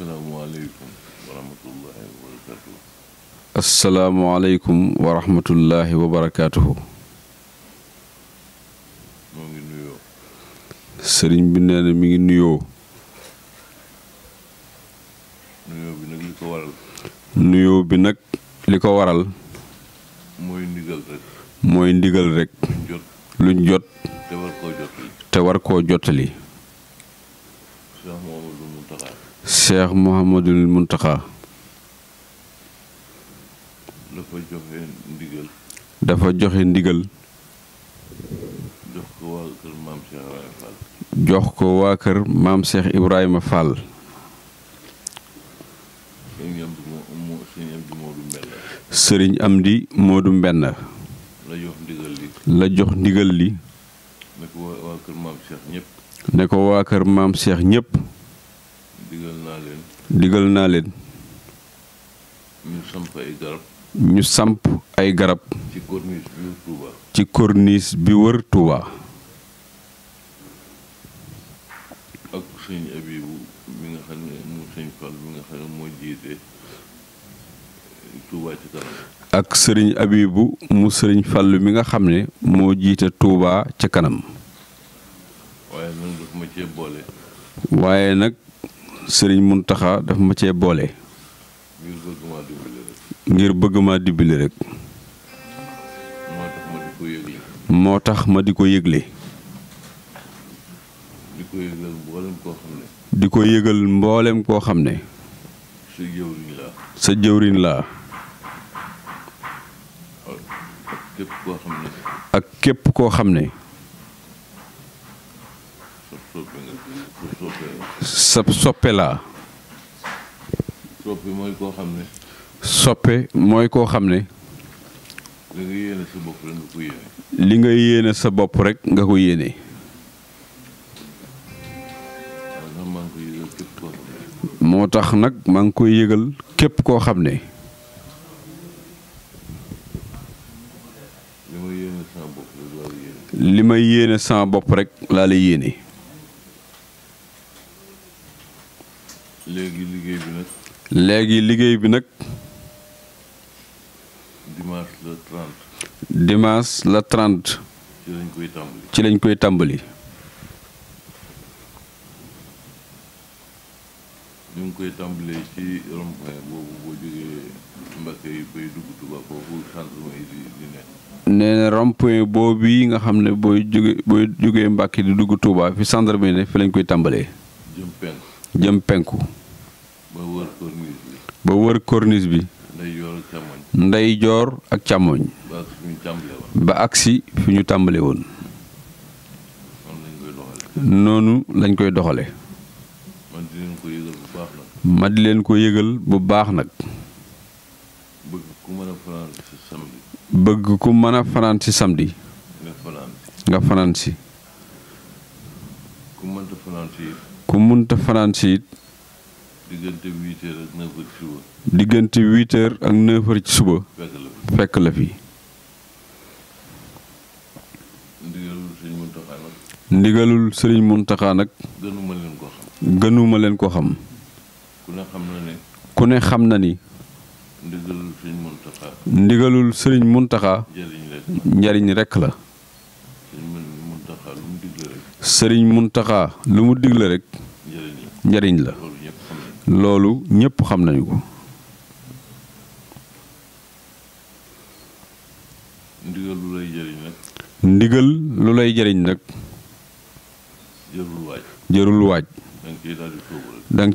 asalaamualeykum wa rahmatullahi wa barakaatuhu. asalaamualeykum nuyoo. sëriñ bi nee mi ngi nuyoo. nuyoo bi nag li ko waral. nuyoo bi nag li mooy ndigal rek. luñ jot. war koo jottali. te war koo jottali. cheikh Mouhamadul Muntaxa dafa joxe ndigal. jox ko waa kër maam Cheikh Ibrahima Fall. jox ko waa kër maam sëriñ Amdi Moodu Mbenn. la jox ndigal li. la jox ko waa kër maam Cheikh ñëpp. digal naa leen. digal naa leen. ñu samp ay garab. ñu samp ay garab. ci corniche bi wër Touba. ak sëñ Abibu mi mi nga xam ne moo jiite Touba ci kanam. sëriñ Abibu mu sëriñ Fall mi nga xam ne moo jiite Touba ca kanam. waaye nag daf ma cee boole. waaye nag sëriñ Muntaxa daf ma cee boole. ngir bëgg maa dimbali rek. moo tax ma di ko yëgle. di ko yëgal mboolem koo xam ne. di ko yëgal mboolem koo xam ne. sa jëwriñ laa. ak képp koo xam ne. sab soppe laa. soppe mooy koo xam ne. soppe mooy koo xam ne. li nga yéene sa bopp rekk nga ko yéene. moo tax nag maa ngi koy yëgal képp koo xam ne. li may yéene sama bopp rek laa lay yéene. léegi liggéey bi nag. léegi liggéey bi nag. dimaas la 30. ci lañ koy tàmbali. ci lañ koy tàmbali. ñu ngi koy tàmbalee ci rond boobu yi nga xam ne booy jóge booy jógee Mbacke di dugg Touba fi gendarmerie ne fi lañ koy tàmbalee. jëm penku jëm penku. ba wër korniis bi. ba ndeyjoor ak càmmoñ. ndeyjoor ak càmmoñ. ba agsi fi ñu tàmbale woon. noonu lañ koy doxale ma ko yëgal bu baax nag. bëgg ku mën fanaan ci samedi. bëgg ku mën a fanaan ci samedi. nga fanaan ci. ku mënta fanaan ci it. diggante huit heures ak neuf ci suba. fekk la fi fekk ndigalul sëriñ Muntaxa nag. nag. gënuma leen ko xam. gënuma leen xam. ku ne xam na ni. ndigalul sëriñ Muntaxa. ndigalul sëriñ Muntaxa. njariñ rekk la. sëriñ muntaxaa lu mu digle rekk. rekk. njariñ la loolu ñëpp xam nañu ko ndigal lu lay jëriñ nag ndigal waaj jërul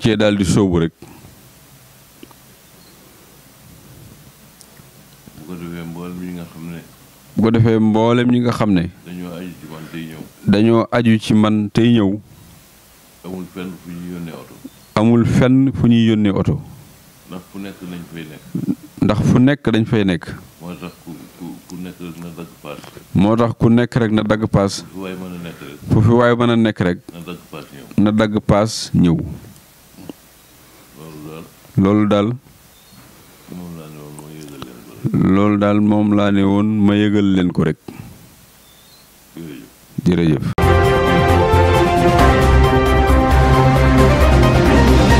cee daal di sóobu rek bu ko defee mboolem ñi nga xam ne bu defee mboolem ñi nga xam ne dañoo dañoo aju ci man tey ñëw amul fenn fu ñuy yónnee oto. ndax fu nekk dañ fay nekk. moo tax ku nekk rek na dagg paas. fu fi waay mën a nekk rek. a na dagg paas ñëw. na loolu daal. loolu daal moom laa ne woon ma yëgal leen ko rek. jërëjëf. Thank you.